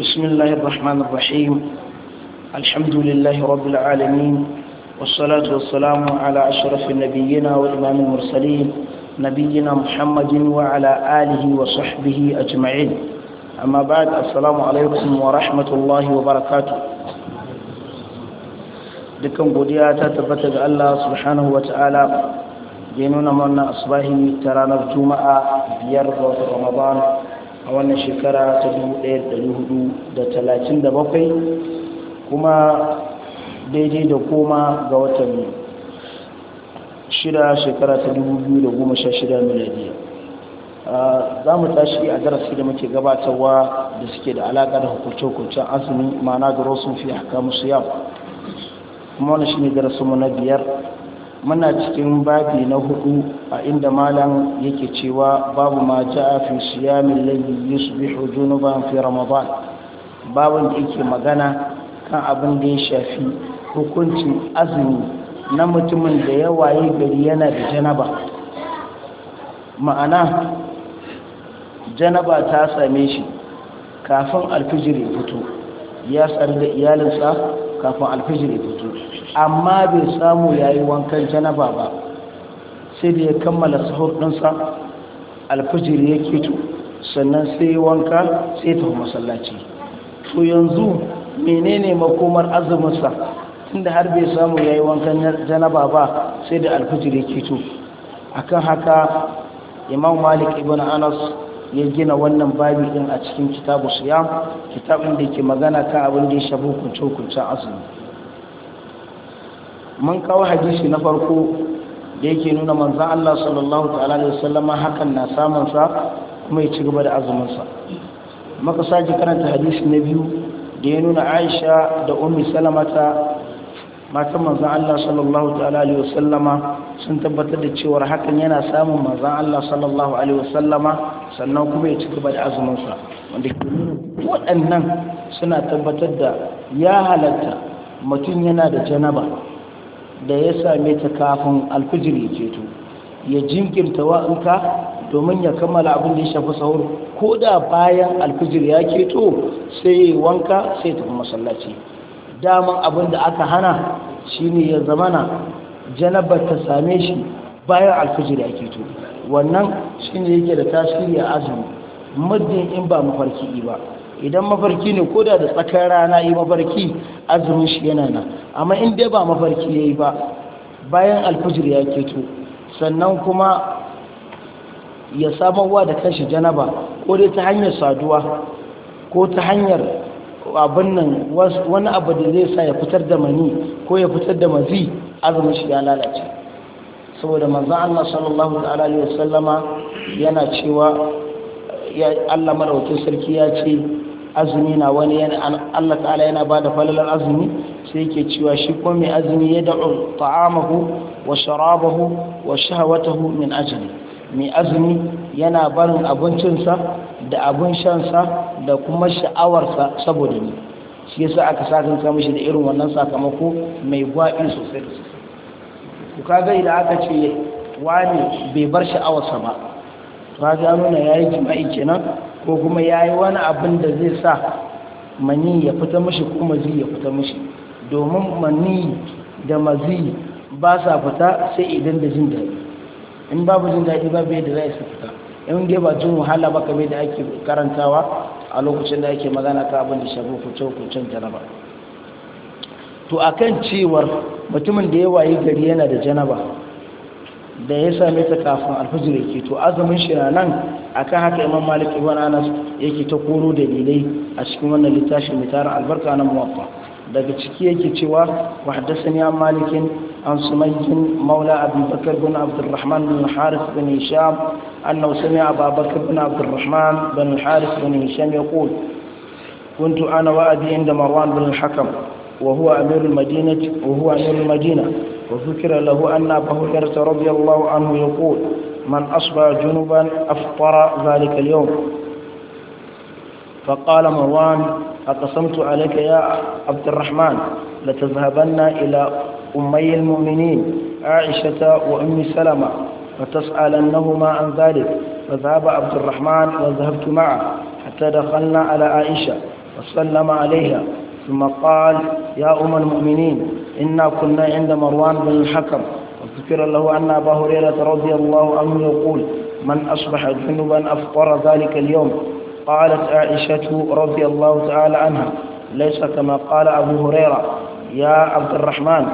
بسم الله الرحمن الرحيم الحمد لله رب العالمين والصلاة والسلام على أشرف النبيين وإمام المرسلين نبينا محمد وعلى آله وصحبه أجمعين أما بعد السلام عليكم ورحمة الله وبركاته dukkan godiya ta الله سبحانه وتعالى جنون من ta'ala ترانا الجمعة يرضى رمضان a wannan shekara ta bakwai kuma daidai da koma ga watan shida shekara ta 2016 miliyan za mu tashi a darasi da muke gabatarwa da suke da alaƙa da hukunce-hukuncen azumi ma'ana da rosun fiye haka musu yawa kuma wani shi ne darasinmu na biyar muna cikin babi na hudu a inda malam yake cewa babu ma ja'a fi siyamin lalli yusbihu junuban fi ramadan babin da yake magana kan abin da ya shafi hukuncin azumi na mutumin da ya waye gari yana da janaba ma'ana janaba ta same shi kafin alfijir ya fito ya tsari da iyalinsa kafin alfijir ya fito amma bai samu ya wankan janaba ba sai da ya kammala sahur ɗinsa alfajir ya keto sannan sai wanka sai tafi masallaci to yanzu menene makomar azuminsa tunda har bai samu yayi yi wankan janaba ba sai da alfajir ya to akan haka imam malik ibn anas ya gina wannan babi din a cikin kitabu siyam kitabin da ke magana kan abin da ya shafi hukunce-hukuncen azumi mun kawo hadisi na farko da yake nuna manzan Allah sallallahu ta'ala da sallama hakan na samunsa kuma ya ci gaba da azuminsa maka sake karanta hadisi na biyu da ya nuna aisha da ummi salamata matan manzan Allah sallallahu ta'ala sun tabbatar da cewar hakan yana samun manzan Allah sallallahu alaihi wasallama sannan kuma ya ci gaba da azuminsa wanda ke nuna waɗannan suna tabbatar da ya halatta mutum yana da janaba da ya same ta kafin alfijir ya ceto ya jinkirta wa'anka domin ya kammala abin da ya shafi sahur ko da bayan alfijir ya ceto sai ya wanka sai tafi masallaci daman abin da aka hana shine ya zamana janabar ta same shi bayan alfijir ya ceto wannan shine yake da tasiri a azumi muddin in ba mafarki ba idan mafarki ne ko da da tsakar rana yi mafarki azumin shi yana nan amma in dai ba mafarki ya yi ba bayan alfijir ya keto sannan kuma ya samarwa da kanshi janaba ko dai ta hanyar saduwa ko ta hanyar abin nan wani abu da zai sa ya fitar da mani ko ya fitar da mazi azumin shi ya lalace saboda manzan Allah sallallahu alaihi wasallama yana cewa Allah maraukin sarki ya ce azumi na wani yana Allah ta'ala yana bada da falalar azumi sai yake cewa shi kuma mai azumi ya da'u ta'amahu wa sharabahu wa shahawatahu min ajli mai azumi yana barin abincinsa da abin sa da kuma sha'awarsa saboda ni shi yasa aka sakan mishi da irin wannan sakamako mai gwaɓi sosai sosai ku kaga idan aka ce wani bai bar sha'awarsa ba to ya nuna yayi jima'i kenan ko kuma ya yi wani abin da zai sa mani ya fita mashi ko mazi ya fita mashi domin mani da mazi ba sa fita sai idan da jin daɗi in babu jin daɗi babu yadda za su fita in dai ba jin wahala ba kamar da ake karantawa a lokacin da ake magana ka abin da cewa ku can janaba to akan cewar mutumin da ya wayi gari yana da janaba da ya same ta kafin alfajir yake to azumin shi na nan akan haka imam malik ibn anas yake ta koro dalilai a cikin wannan littafin mitar albarka nan muwaffa daga ciki yake cewa wa haddathani an malikin an sumayyin maula abi bakr bin abdurrahman bin harith bin hisham annahu sami'a abu bakr bin abdurrahman bin harith bin hisham yaqul كنت أنا وأبي عند مروان بن الحكم وهو أمير المدينة وهو أمير المدينة وذكر له أن أبا هريرة رضي الله عنه يقول من أصبح جنبا أفطر ذلك اليوم فقال مروان أقسمت عليك يا عبد الرحمن لتذهبن إلى أمي المؤمنين عائشة وأم سلمة فتسألنهما عن ذلك فذهب عبد الرحمن وذهبت معه حتى دخلنا على عائشة وسلم عليها ثم قال يا أم المؤمنين إنا كنا عند مروان بن الحكم وذكر له أن أبا هريرة رضي الله عنه يقول من أصبح جنبا أفطر ذلك اليوم قالت عائشة رضي الله تعالى عنها ليس كما قال أبو هريرة يا عبد الرحمن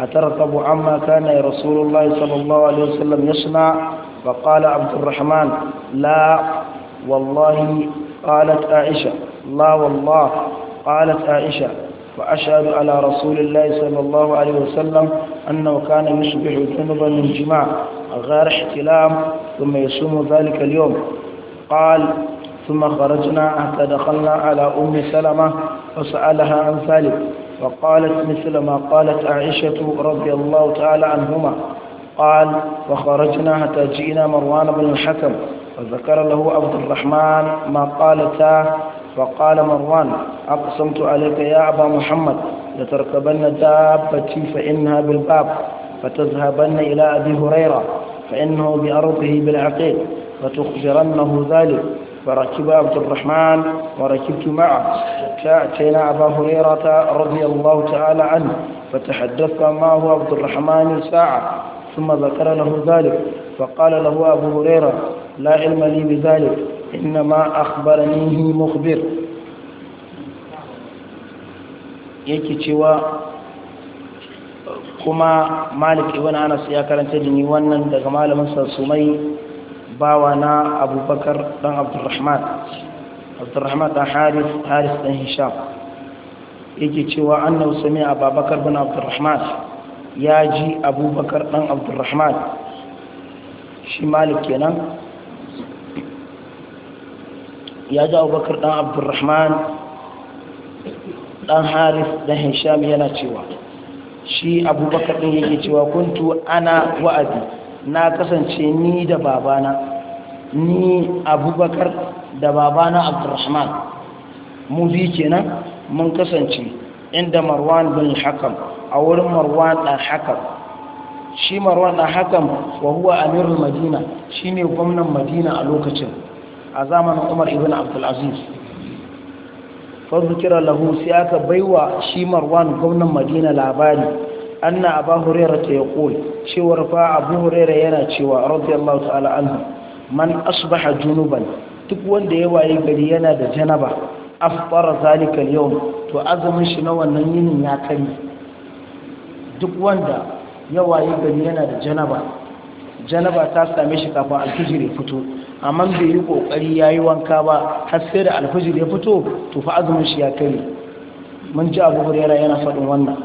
أترتب عما كان رسول الله صلى الله عليه وسلم يصنع فقال عبد الرحمن لا والله قالت عائشة لا والله قالت عائشة وأشهد على رسول الله صلى الله عليه وسلم أنه كان يصبح جنبا من جماع غير احتلام ثم يصوم ذلك اليوم قال ثم خرجنا حتى دخلنا على أم سلمة فسألها عن ذلك وقالت مثل ما قالت عائشة رضي الله تعالى عنهما قال وخرجنا حتى جئنا مروان بن الحكم فذكر له عبد الرحمن ما قالتا فقال مروان أقسمت عليك يا أبا محمد لتركبن دابتي فإنها بالباب فتذهبن إلى أبي هريرة فإنه بأرضه بالعقيق فتخبرنه ذلك فركب عبد الرحمن وركبت معه فأتينا أبا هريرة رضي الله تعالى عنه فتحدثت معه عبد الرحمن ساعة ثم ذكر له ذلك فقال له أبو هريرة لا علم لي بذلك إنما أخبرنيه مخبر yake cewa kuma malik ibn anas ya karanta da ni wannan daga malamin sumai bawa na abubakar dan abdurrahman abdurrahman dan haris haris dan hisham yake cewa annahu sami'a abubakar bin abdurrahman ya ji abubakar dan abdurrahman shi malik kenan ya ji abubakar ɗan abdurrahman ɗan harif ɗan hisham yana cewa shi abubakar ɗin yake cewa kuntu ana wa'azi na kasance ni da babana ni abubakar da babana abdurrahman mu bi kenan mun kasance inda marwan bin hakam a wurin marwan ɗan hakam shi marwan ɗan hakam wa huwa amirul madina shine gwamnan madina a lokacin a zamanin umar ibn abdulaziz farzu lahu sai aka baiwa shi marwan gwamnan madina labari anna abu hurera ta ya ƙul cewar fa abu hurera yana cewa radiyallahu ta'ala anhu man asbaha junuban duk wanda ya waye gari yana da janaba afara zalika yau to azumin shi na wannan yinin ya kari duk wanda ya waye gari yana da janaba janaba ta same shi kafin alfijir ya fito amma bai yi kokari yayi wanka ba har sai da alfajir ya fito to fa azumin shi ya kare mun ji Abu Hurairah yana faɗin wannan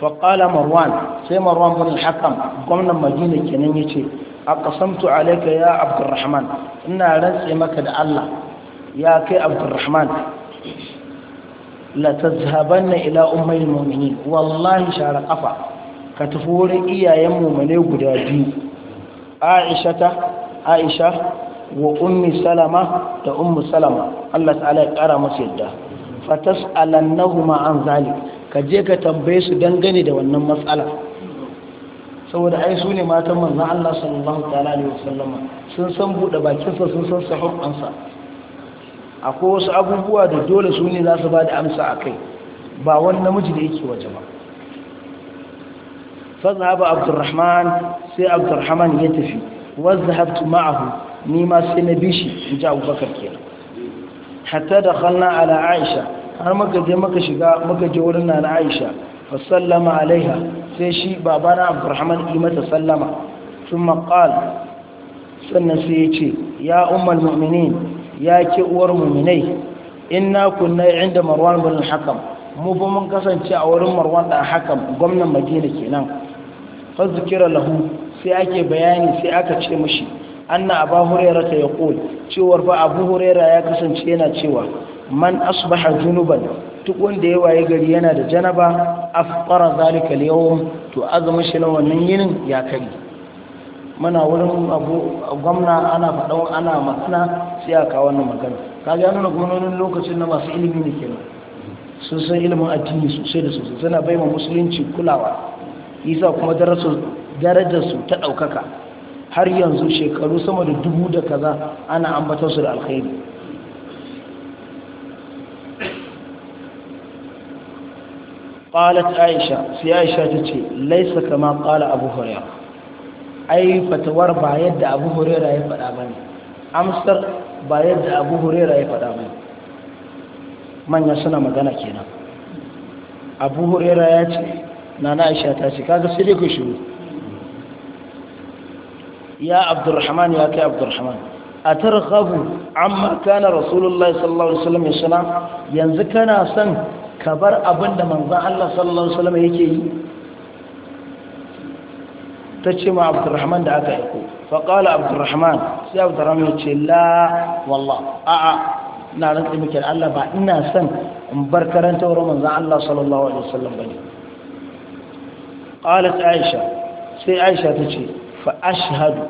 fa qala Marwan sai Marwan bin Hakam gwamnan Madina kenan yace aqsamtu alayka ya Abdurrahman ina rantse maka da Allah ya kai Abdurrahman la tazhabanna ila ummil mu'minin wallahi shara kafa ka tafi wurin iyayen mu guda biyu aishata aisha wa ummi salama da ummu salama Allah ta'ala ya kara musu yadda ma an zalik ka je ka tambaye su dangane da wannan matsala saboda ai su ne matan manzon Allah sallallahu ta'ala alaihi wasallama sun san bude bakin sa sun san sahun ansa akwai wasu abubuwa da dole su ne za su ba da amsa akai ba wani namiji da yake waje ba فذهب عبد ya tafi عبد الرحمن يتفي وذهبت معه nima سي نبيشي انجا أبو بكر كينا da دخلنا على aisha har muka je muka shiga maka je wurin na Aisha fa sallama alaiha sai shi babana Abdurrahman yi mata sallama sun qala sannan sai ya ce ya umar mu'minin ya ki uwar mu'minai inna kunna inda Marwan bin Hakam mu mun kasance a wurin Marwan dan Hakam gwamnan Madina kenan fazukira lahu sai ake bayani sai aka ce mashi anna abu huraira ta yaqul cewar fa abu hurera ya kasance yana cewa man asbaha junuban duk wanda ya waye gari yana da janaba afqara zalika al to azumin shi na wannan yinin ya kari muna wurin abu gwamna ana faɗa ana matsina sai aka kawo wannan magana kaga nuna gwamnonin lokacin na masu ilimi ne kenan sun san ilimin addini sosai da sosai suna bai wa musulunci kulawa isa kuma darajarsu ta ɗaukaka har yanzu shekaru sama da dubu da kaza ana ambatar su da alkhairi qalat aisha sai aisha ta ce laisa kama qala abu hurairah ai fatawar ba yadda abu hurairah ya faɗa ne amsar ba yadda abu hurairah ya faɗa ne manya suna magana kenan abu hurairah ya ce na na aisha ta ce kaga sai dai ku shiru ya abdurrahman ya kai abdurrahman a tarhabu amma kana rasulullahi sallallahu alaihi wasallam ya sana yanzu kana son ka bar abin da manzon Allah sallallahu alaihi wasallam yake yi ta ce ma abdurrahman da aka aiko faƙala abdurrahman sai abdurrahman ya ce la wallah a'a na rantsi muke Allah ba ina son in bar karanta wurin manzan Allah sallallahu alaihi wasallam bane qalat aisha sai aisha ta ce fa ashhadu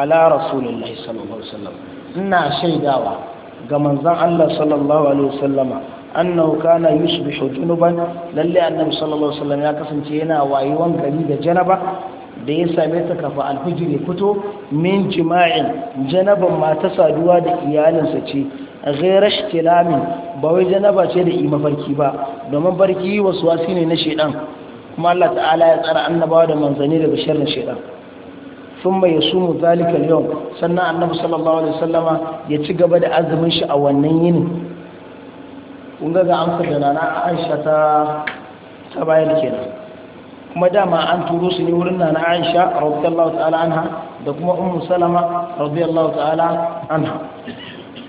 ala rasulillahi sallallahu alaihi wasallam ina shaidawa ga manzon Allah sallallahu alaihi wasallama annahu kana yusbihu junuban lalle annabi sallallahu alaihi wasallam ya kasance yana wayuwan gari da janaba da ya same ta kafa alfijir ya fito min jima'in janaban mata saduwa da iyalinsa ce ghairar shtilamin ba wai janaba ce da mafarki ba domin barki wasu wasi ne na shedan kuma Allah ta'ala ya tsara annabawa da manzanni daga sharrin shaitan sun mai ya sumu zalikal yau sannan annabi sallallahu alaihi wasallama ya ci gaba da azumin shi a wannan yinin kun ga amsa da nana aisha ta ta bayan kenan kuma dama an turo su ne wurin nana aisha radiyallahu ta'ala anha da kuma ummu salama radiyallahu ta'ala anha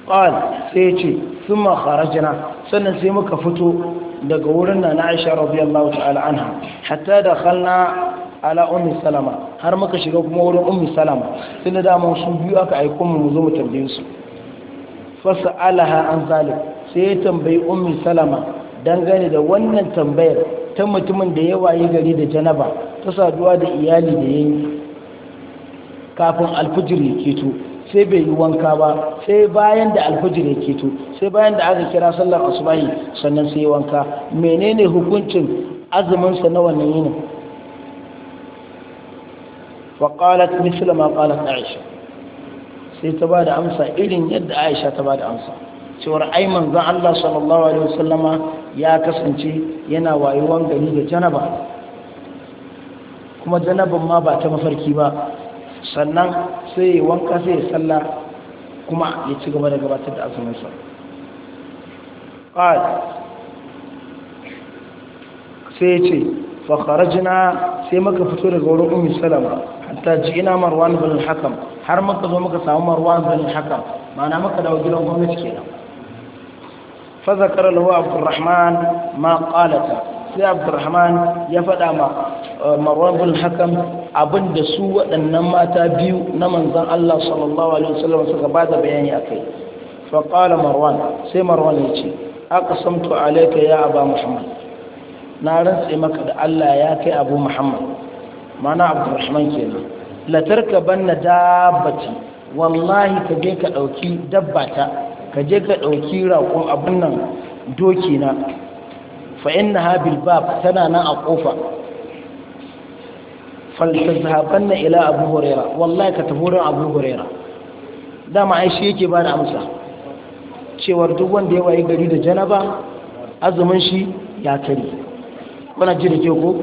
qal sai ce thumma kharajna sannan sai muka fito daga wurin na Aisha radiyallahu ta'ala anha hatta dakhalna ala ummi salama har muka shiga kuma wurin ummi salama sai da dama su biyu aka aiko mu mu zo mu tambaye su sa'alaha an zalim sai ya tambayi ummi salama dangane da wannan tambayar ta mutumin da ya waye gari da janaba ta saduwa da iyali da yayi kafin alfijir ya keto sai bai yi wanka ba sai bayan da alfajir ya keto sai bayan da aka kira sallar asubahi sannan sai wanka menene hukuncin azuminsa na wannan yinin faƙalat misla ma ƙalat aisha sai ta ba da amsa irin yadda aisha ta ba da amsa cewar ai manzon Allah sallallahu alaihi wasallama ya kasance yana wayewan gari da janaba kuma janaban ma ba ta mafarki ba sannan sai wanka sai ya salla kuma ya ci gaba da gabatar da azuminsa ƙad sai ya ce jina sai maka fito daga wurin ummi salama hatta ji ina marwan bin hakan har maka zo maka samu marwan bin hakan mana maka dawo gidan gwamnati kenan fa zakara lahu abdurrahman ma kalata sai abdurrahman ya faɗa ma eh, marwan bin hakan. abin da su waɗannan mata biyu na manzan Allah sallallahu alaihi wasallam suka ba da bayani a kai faƙala marwan sai marwan ya ce aka samtu alaika ya aba muhammad na rantse maka da Allah ya kai abu muhammad mana abdurrahman kenan latarka banna dabbati wallahi ka je ka ɗauki dabbata ka je ka ɗauki raƙon abin nan doki na fa inna habil bab tana nan a ƙofa na ila abu huraira wallahi ka tafi wurin abu huraira dama ai yake bani amsa cewar duk wanda ya waye gari da janaba azumin shi ya kare kuna ji da ke ko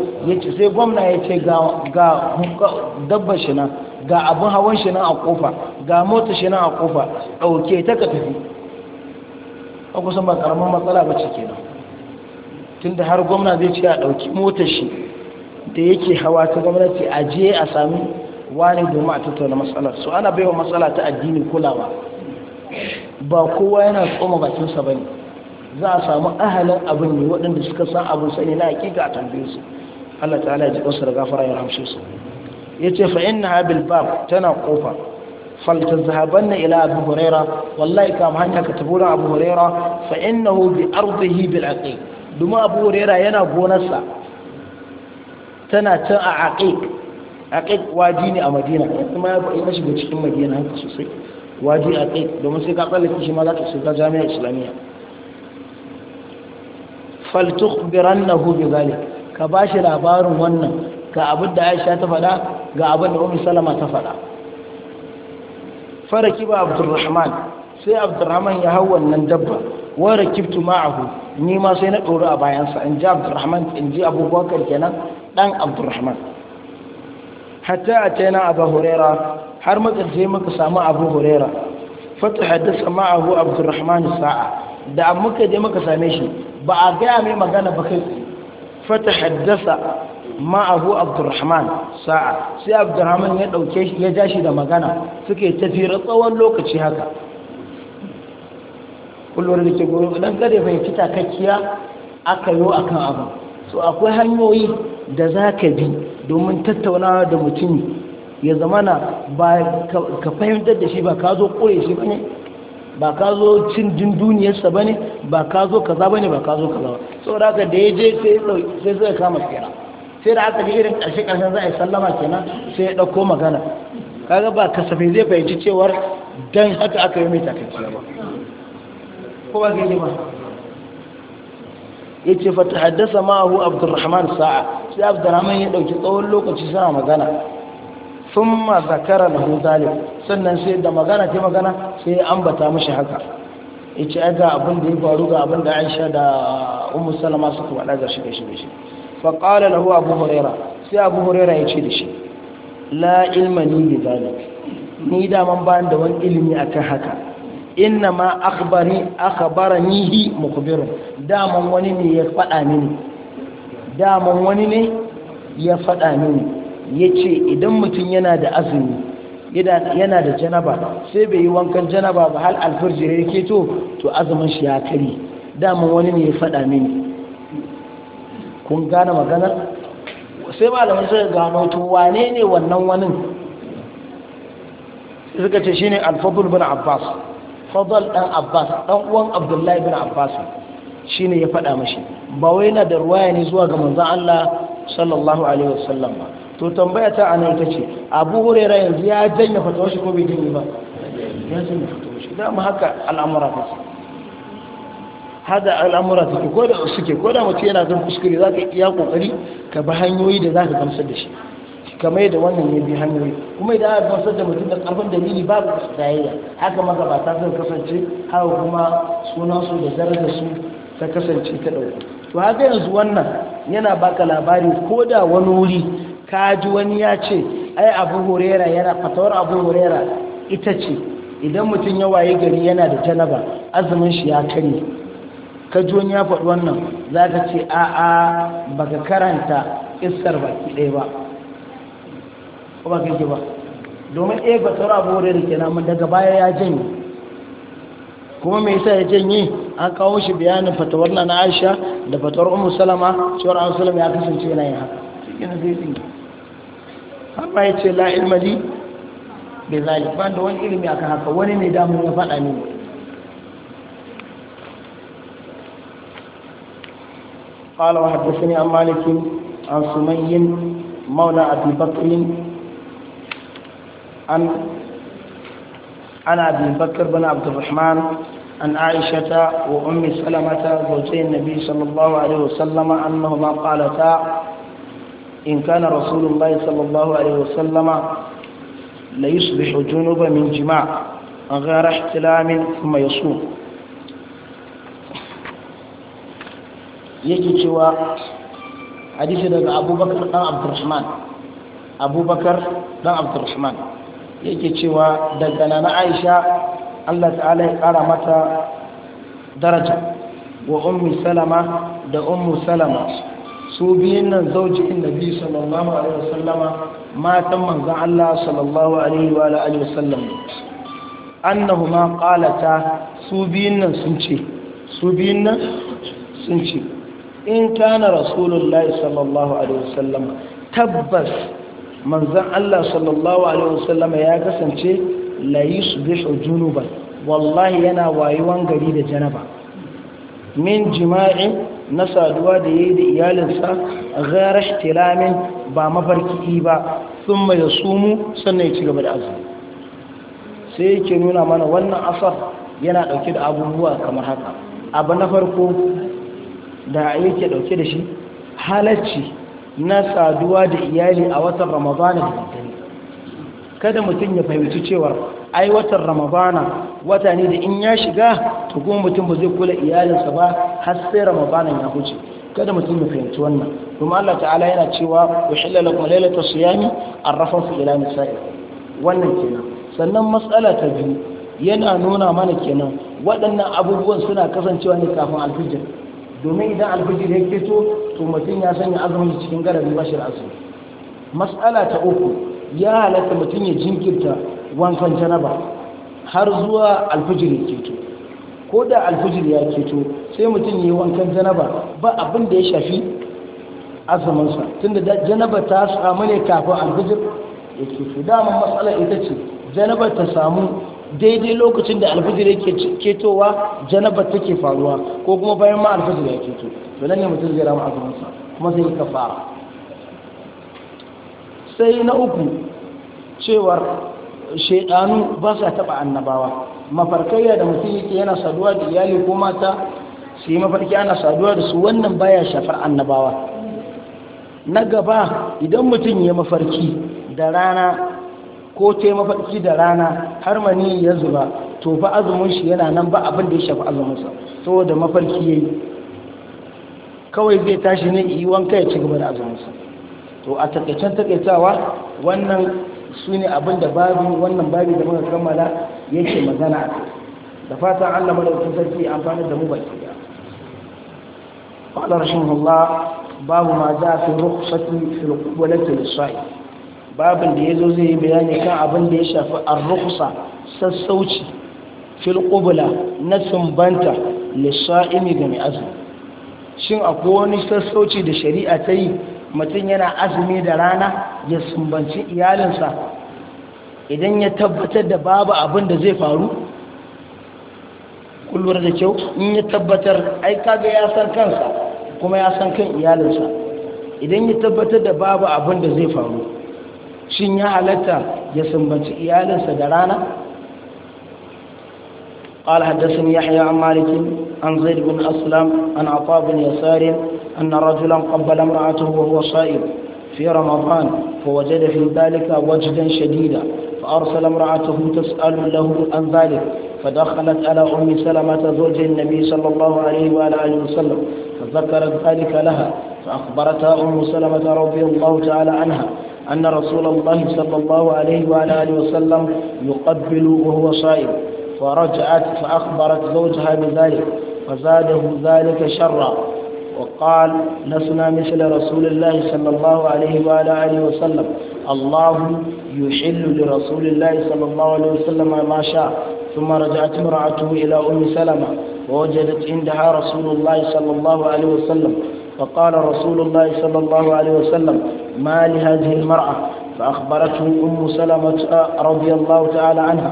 sai gwamna ya ce ga dabbar shi nan ga abun hawan shi nan a kofa ga mota shi nan a kofa dauke ta ka tafi a kusan ba karamin matsala ba ce kenan tunda har gwamna zai ce a ɗauki motar shi da yake hawa ta gwamnati a je a sami wani domin a tattauna matsalar su ana baiwa matsala ta addini kulawa ba kowa yana tsoma bakinsa ba ne za a samu ahalin abin ne waɗanda suka san abin sani na hakika a tambaye su Allah ta'ala ya ji ƙasar gafara ya ramshe su ya ce fa inna habil bab tana kofa falta zahaban na ila abu huraira wallahi kama hanya ka tafi wurin abu huraira fa innahu bi ardihi bil aqi domin abu huraira yana gonarsa tana can a aqiq aqiq waji ne a madina kuma ya yi shiga cikin madina haka sosai waji aqiq domin sai ka tsallake shi ma za ka shiga jami'ar islamiyya faltukhbirannahu bidhalik ka bashi labarin wannan ga abin da Aisha ta faɗa ga abin da Ummu Salama ta faɗa faraki kiba Abdulrahman sai Abdulrahman ya hau wannan dabba wa rakibtu ma'ahu ni ma sai na dora a bayan sa in ji Abdurrahman in ji abubuwan kenan ɗan abdurrahman hatta a abu huraira har makarce muka samu abu huraira fata haddasa ma'ahu abdurrahman sa'a da muka je muka same shi ba a gaya mai magana ba kai fata haddasa ma'ahu abdurrahman sa'a sai abdurrahman ya ɗauke shi ya ja shi da magana suke tafiyar tsawon lokaci haka kullum da ke gudu ɗan gare mai kita kakkiya aka yi akan abu to akwai hanyoyi da za ka bi domin tattaunawa da mutum ya zamana ba ka fahimtar da shi ba ka zo koye shi ba ne? ba ka zo cin jin duniyarsa ne? ba ka zo kaza za ba ka zo kaza ba saboda haka da ya je sai zai kama tsira sai da aka irin ƙarshe ƙarshen za a yi sallama kenan sai ya ɗauko magana kaga ba kasafin zai fahimci cewar dan haka aka yi mai takakciya ba ko ba ka yi ba ya ce fata haddasa ma'ahu abdurrahman sa'a sai abdurrahman ya ɗauki tsawon lokaci suna magana sun ma zakara da hutalib sannan sai da magana ta magana sai ya ambata mashi haka ya ce aga abin da ya faru ga abin da aisha da umu salama suka faɗa ga shi gashi shi faƙala lahu abu huraira sai abu huraira ya ce da shi la ilma ni bi zalik ni daman bayan da wani ilimi akan haka inna ma akhbari akhbaranihi Da daman wani ne ya faɗa mini daman wani ne ya faɗa mini yace idan mutum yana da azumi yana da janaba sai bai yi wankan janaba ba hal alfurji ya yake to to azumin shi ya Da daman wani ne ya faɗa mini kun gane maganar sai malamin suka gano to wane ne wannan wani suka ce shine alfadul bin abbas fadal dan abbas dan uwan abdullahi bin abbas shine ya faɗa mashi ba wai na da ruwaya ne zuwa ga manzon Allah sallallahu alaihi wasallam ba to tambaya ta anan ta ce abu huraira yanzu ya janye fatuwar shi ko bai janye ba ya janye fatuwar shi dama haka al'amura ta ce hada al'amura take ko da suke ko da mutu yana kan kuskure ka iya kokari ka bi hanyoyi da ka gamsar da shi kamar da wannan ya bi hanyoyi kuma idan aka gamsar da mutum da karfin dalili babu tsayayya haka maza ba ta zan kasance haka kuma suna su da su ta kasance ta dauki to haka yanzu wannan yana baka labari ko da wani wuri ka ji wani ya ce ai abu horera yana fatawar abu horera ita ce idan mutum ya waye gari yana da janaba azumin shi ya kare ka ji wani ya faɗi wannan za ka ce a'a baka karanta iskar baki ɗaya ba ko ba kai ba domin ɗaya eh, ba tsara abu wurin ke namun daga baya ya janye kuma mai sa ya janye an kawo shi bayanin fatawar na aisha da fatawar umar salama cewar an salama ya kasance yana yin haka cikin zai tsinki har ya ce la ilmali bai zali ba da wani ilimi akan haka wani ne damun ya faɗa ne قال وحدثني عن مالك عن سمي مولى ابي بكر عن عن أبي بكر بن عبد الرحمن عن عائشة وأم سلمة زوجي النبي صلى الله عليه وسلم أنهما قالتا إن كان رسول الله صلى الله عليه وسلم ليصبح جنوبا من جماع غير احتلام ثم يصوم حديث أبو بكر بن عبد الرحمن أبو بكر بن عبد الرحمن yake cewa daga nana aisha allah ta'ala ya kara mata daraja wa ummi salama da ummu salama su biyun nan zaujin nabi sallallahu alaihi wasallama matan manzon allah sallallahu alaihi wa alihi wasallam annahuma qalata su biyun nan sun ce su biyun nan sun ce in kana rasulullahi sallallahu alaihi wasallama tabbas manzan Allah sallallahu alaihi wasallam ya kasance la yusbihu junuban wallahi yana wayuwan gari da janaba min jima'i na saduwa da yayi da iyalinsa gara ihtilamin ba mafarki ba sun thumma yasumu sannan ya ci gaba da azumi sai yake nuna mana wannan asar yana dauke da abubuwa kamar haka abu na farko da yake dauke da shi halacci na saduwa da iyali a watan ramadana da daddare kada mutum ya fahimci cewa ai watan ramadana wata ne da in ya shiga to kuma mutum ba zai kula iyalinsa ba har sai ramadana ya huce kada mutum ya fahimci wannan kuma Allah ta'ala yana cewa uhilla lakum laylatu siyami arrafasu ila nisa'i wannan kenan sannan matsala ta biyu yana nuna mana kenan waɗannan abubuwan suna kasancewa ne kafin alfijir domin idan alfajir ya keto to mutum ya sanya azumin cikin garabi bashir asir mas'ala ta uku ya halatta mutum ya jinkirta wankan janaba har zuwa alfajir ya keto ko da alfajir ya keto sai mutum ya yi wankan janaba ba abin da ya shafi azuminsa tunda janaba ta samu ne kafin alfijir ya keto dama matsala ita ce janaba ta samu daidai lokacin da alfajir yake ketowa janaba take faruwa ko kuma bayan ma alfajir ya keto to nan ne mutum zai rama azumin sa kuma zai kafara sai na uku cewar shaiɗanu ba sa taba annabawa mafarkaiya da mutum yake yana saduwa da iyali ko mata su yi mafarki ana saduwa da su wannan baya shafar annabawa na gaba idan mutum ya mafarki da rana ko ta yi mafarki da rana har mani ya zuba to fa azumin shi yana nan ba abin da ya shafi azuminsa saboda mafarki ya yi kawai zai tashi ne yi wanka ya ci gaba da azuminsa to a takaicen takaitawa wannan su ne abin da babu wannan babu da muka kammala yake magana a da fatan allah madaukakin sarki ya amfani da mu baki da قال رحمه الله باب ما جاء su الرخصة في القبلة للصائم babin da ya zo zai yi bayani kan abin da ya shafi arrukusa sassauci fil ƙubula na sumbanta lissa'imi ga mai azumi shin akwai wani sassauci da shari'a ta yi mutum yana azumi da rana ya sumbanci iyalinsa idan ya tabbatar da babu abin da zai faru kullum da kyau in ya tabbatar ai kaga ya san kansa kuma ya san kan iyalinsa idan ya tabbatar da babu abin da zai faru shin ya halatta ya sumbaci iyalinsa da rana قال حدثني يحيى عن مالك عن زيد بن أسلم عن عطاء بن يسار أن رجلا قبل امرأته وهو صائم في رمضان فوجد في ذلك وجدا شديدا فأرسل امرأته تسأل له عن ذلك فدخلت على أم سلمة زوج النبي صلى الله عليه وآله وسلم فذكرت ذلك لها فأخبرتها أم سلمة رضي الله تعالى عنها أن رسول الله صلى الله عليه وعلى آله وسلم يقبل وهو صائم فرجعت فأخبرت زوجها بذلك فزاده ذلك شرا وقال لسنا مثل رسول الله صلى الله عليه وعلى آله وسلم الله يحل لرسول الله صلى الله عليه وسلم ما شاء ثم رجعت امرأته إلى أم سلمة ووجدت عندها رسول الله صلى الله عليه وسلم فقال رسول الله صلى الله عليه وسلم ما لهذه المرأة فأخبرته أم سلمة آه، رضي الله تعالى عنها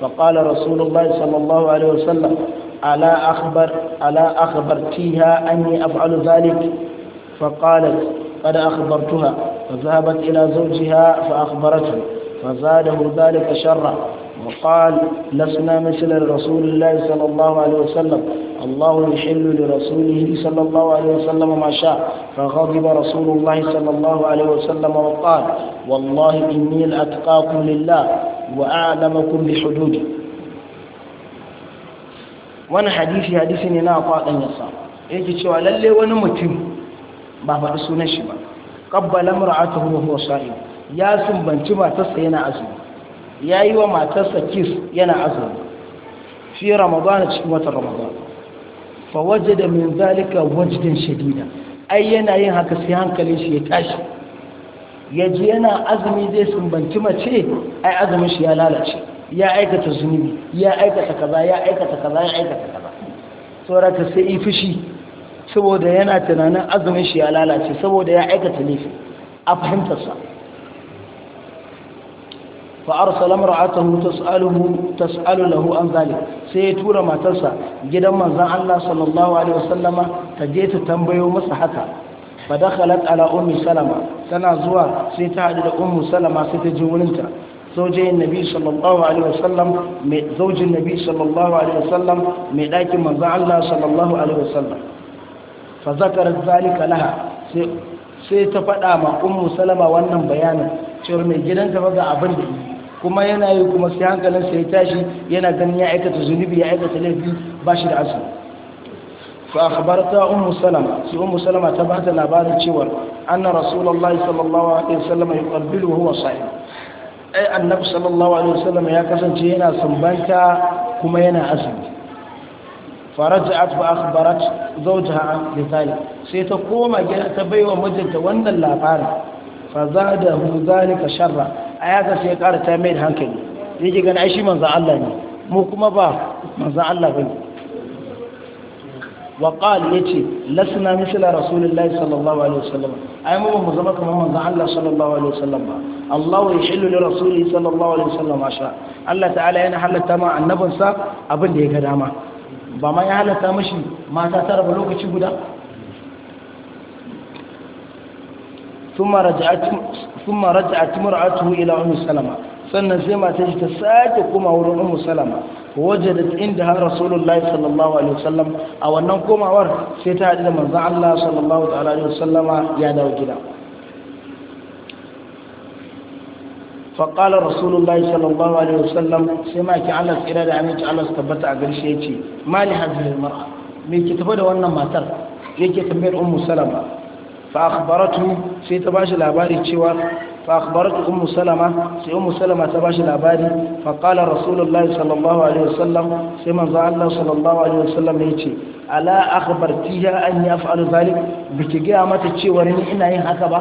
فقال رسول الله صلى الله عليه وسلم ألا, أخبر ألا أخبرتيها أني أفعل ذلك فقالت قد أخبرتها فذهبت إلى زوجها فأخبرته فزاده ذلك شرا قال لسنا مثل رسول الله صلى الله عليه وسلم الله يحل لرسوله صلى الله عليه وسلم ما شاء فغضب رسول الله صلى الله عليه وسلم وقال والله إني لأتقاكم لله وأعلمكم بحدوده wani hadisi hadisi ne na kwaɗon yasa yake cewa lalle wani mutum ba faɗi sunan shi ba ƙabbala mura'atu huwa huwa sa'id ya sumbanci matarsa yana azumi ya yi wa matarsa kis yana azumi fi ramadan cikin watan ramadan fa wajada min zalika wajdan shadida ai yana yin haka sai hankalin shi ya tashi ji yana azumi zai sumbanci mace ai azumin shi ya lalace ya aikata zunubi ya aikata kaza ya aikata kaza ya aikata kaza ka sai yi fushi saboda yana tunanin azumin shi ya lalace saboda ya aikata laifi a fahimtar sa. fa arsala mar'atahu tas'aluhu tas'alu lahu an zalik sai ya tura matarsa gidan manzon Allah sallallahu alaihi wasallama ta je ta tambayo masa haka fa dakhalat ala ummi salama tana zuwa sai ta hadu da ummu salama sai ta ji wurinta Zaujin النبي صلى الله عليه وسلم زوج النبي صلى الله عليه وسلم ميداك من الله صلى الله عليه وسلم فذكرت ذلك لها sai ta faɗa ma ummu salama wannan bayanin cewar mai gidan ta ga abin da yi kuma yana yi kuma sai hankalinsa sai tashi yana ganin ya aikata zunubi ya aikata laifi ba shi da asali fa akhbarta ummu salama sai ummu salama ta bata labarin cewa anna rasulullahi sallallahu alaihi wasallam yuqabbilu huwa sa'im ai annabi sallallahu alaihi wasallam ya kasance yana sumbanta kuma yana azumi faraja'at fa akhbarat zawjaha bi dhalik sai ta koma gida ta baiwa mijinta wannan labarin fa zadahu dhalika sharra a yasa sai ya ƙara ta mai hankali zai ke gani aishi manzan Allah ne mu kuma ba manzan Allah ba ne waƙal ya ce lasina misila rasulullahi sallallahu alaihi wasallam ai mu mu zama kamar manzan Allah sallallahu alaihi wasallam ba Allah ya shillu da rasuli sallallahu alaihi wasallam sha Allah ta'ala yana halatta ma annabinsa abin da ya ga dama ba ma ya halatta mashi mata tara ba lokaci guda sun maraja'at mar'atuhu ila ummu salama sannan sai mata shi ta sake kuma wurin ummu salama wajadat inda har rasulullahi sallallahu alaihi wasallam a wannan komawar sai ta haɗu da manzon Allah sallallahu alaihi wasallama ya dawo gida فقال رسول الله صلى الله عليه sai سمع كي الله سيرا da aminci Allah su tabbata a garshe ce, mali hadhihi almar'a me ke tafi da wannan matar yake tambayar ummu salama fa akhbaratu sai ta bashi labari cewa fa akhbaratu ummu salama sai ummu salama ta bashi labari fa qala rasulullahi sai manzo Allah sallallahu alaihi wasallam ya ce ala akhbartiha an yaf'alu zalik biki ga mata cewa ni ina yin haka ba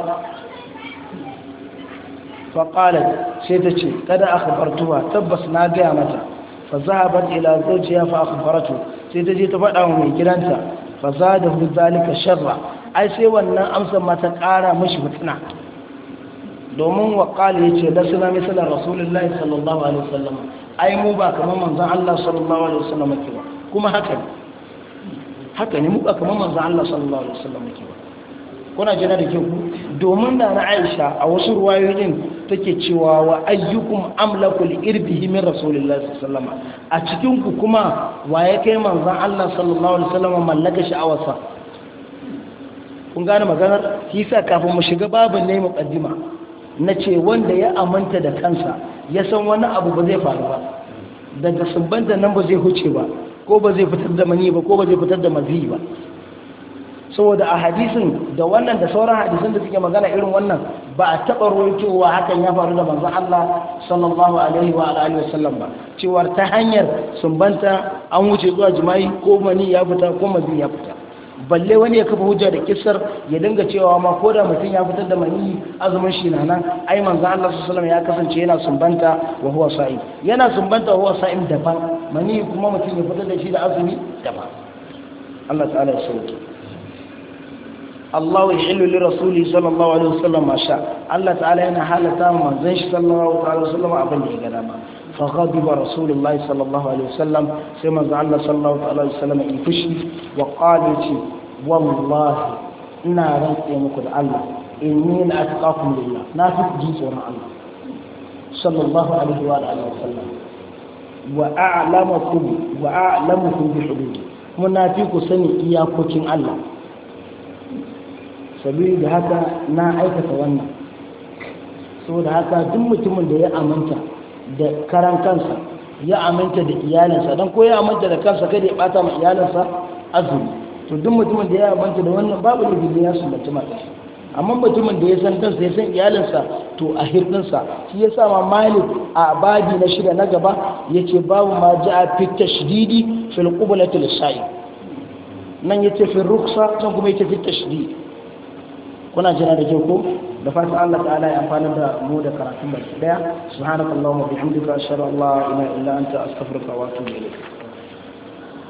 فقالت سيدتي قد أخبرتها تبس فذهبت إلى زوجها فأخبرته سيدتي تفعله من جلانتا فزاده ذلك شرا ai sai wannan amsar ma ta ƙara mashi fitina domin waƙali ya ce lasina misalar rasulullahi sallallahu alaihi wasallam ai mu ba kamar manzan Allah sallallahu alaihi wasallam ke ba kuma haka ne haka ne mu ba kamar manzan Allah sallallahu alaihi wasallam ke ba kuna jina da ke ku domin da na Aisha a wasu ruwayoyin take cewa wa ayyukum amlakul irbihi min rasulillahi sallallahu alaihi wasallam a cikin ku kuma waye kai manzan Allah sallallahu alaihi wasallam mallaka sha'awarsa kun gane maganar sa kafin mu shiga babin ne muqaddima nace wanda ya amanta da kansa ya san wani abu ba zai faru ba daga sabban da nan ba zai huce ba ko ba zai fitar da mani ba ko ba zai fitar da mazi ba saboda a hadisin da wannan da sauran hadisin da suke magana irin wannan ba a taɓa ruwa hakan ya faru da manzon Allah sallallahu alaihi wa alihi wasallam ba cewar ta hanyar sumbanta an wuce zuwa jima'i ko mani ya fita ko mazi ya fita balle wani ya kafa hujja da kissar ya dinga cewa ma ko da mutum ya fitar da mani azumin shi na nan ai manzo Allah sallallahu ya kasance yana sumbanta wa huwa sa'im yana sumbanta wa huwa sa'im daban mani kuma mutum ya fitar da shi da azumi daban Allah ta'ala ya sauke Allah ya hillu li rasuli sallallahu alaihi wasallam masha Allah ta'ala yana halata manzon shi sallallahu alaihi wasallam abin da ya gada dama فغضب رسول الله صلى الله عليه وسلم سيما زعل صلى الله عليه وسلم إن فشي وقال يتي والله إنا رنت يمكن الله إني لأتقاكم لله نافق جيس ورع الله صلى الله عليه وآله وسلم وأعلمكم وأعلمكم بحدوده منافق سني إياكم الله sabili da haka na aikata wannan saboda haka duk mutumin da ya amanta da karan kansa ya aminta da iyalinsa don ko ya aminta da kansa kada ya bata ma iyalinsa azumi to duk mutumin da ya aminta da wannan babu da biyu ya su mutum amma mutumin da ya san kansa ya san iyalinsa to a hirdinsa shi ya sama malik a babi na shida na gaba ya ce babu ma ji a fi tashdidi fil qublatil sa'i nan ya ce fi ruksa kuma ya ce fi tashdidi kuna jira da kyau ko da fatan Allah ta'ala ya amfana da mu da karatun baki daya subhanakallahumma bihamdika ashhadu an la ilaha illa anta astaghfiruka wa atubu ilayk